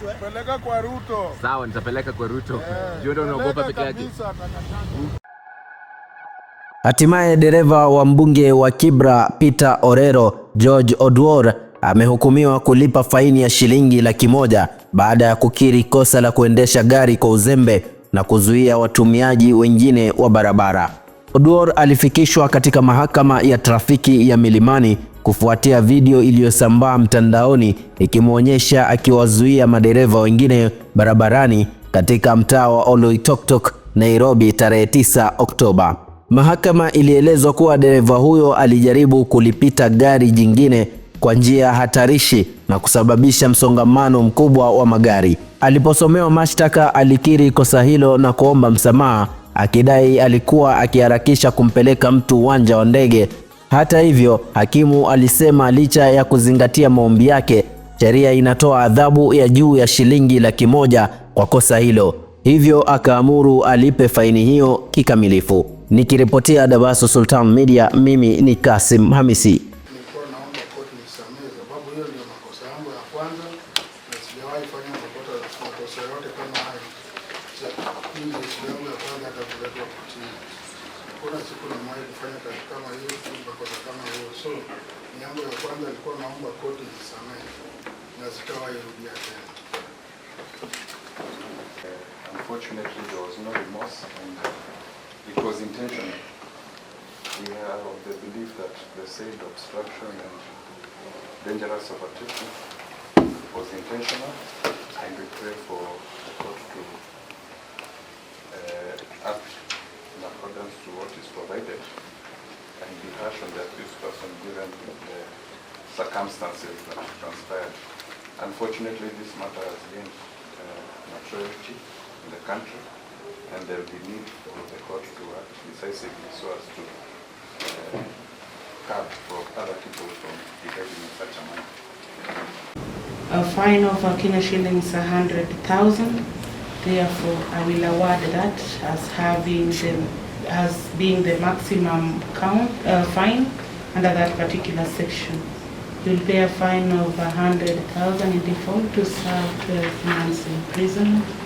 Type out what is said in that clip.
Peleka kwa Ruto. Sawa, nitapeleka kwa Ruto. Jua eh, ndio unaogopa peke yake. Hatimaye dereva wa mbunge wa Kibra Peter Orero, George Odwor amehukumiwa kulipa faini ya shilingi laki moja baada ya kukiri kosa la kuendesha gari kwa uzembe na kuzuia watumiaji wengine wa barabara. Odwor alifikishwa katika mahakama ya trafiki ya Milimani kufuatia video iliyosambaa mtandaoni ikimwonyesha akiwazuia madereva wengine barabarani katika mtaa wa Oloitoktok, Nairobi tarehe 9 Oktoba. Mahakama ilielezwa kuwa dereva huyo alijaribu kulipita gari jingine kwa njia hatarishi na kusababisha msongamano mkubwa wa magari. Aliposomewa mashtaka, alikiri kosa hilo na kuomba msamaha akidai alikuwa akiharakisha kumpeleka mtu uwanja wa ndege hata hivyo, hakimu alisema licha ya kuzingatia maombi yake, sheria inatoa adhabu ya juu ya shilingi laki moja kwa kosa hilo, hivyo akaamuru alipe faini hiyo kikamilifu. Nikiripotia Dabaso Sultan Media, mimi ni Kasim Hamisi. siku kufanya kazi kama hiyo, kama hiyo. So kwanza ilikuwa naomba koti na tena. Unfortunately, there was no remorse and it was intentional. We are of the belief that the said obstruction and dangerous overtaking was intentional. that this person given the uh, circumstances that transpired. Unfortunately, this matter has gained uh, maturity in the country, and there will be need for the court to act decisively so as to uh, curb other people from behaving in such a manner. A fine of a Kenya shillings 100,000. Therefore, I will award that as having the as being the maximum count uh, fine under that particular section. You'll pay a fine of 100,000 in default to serve 12 months in prison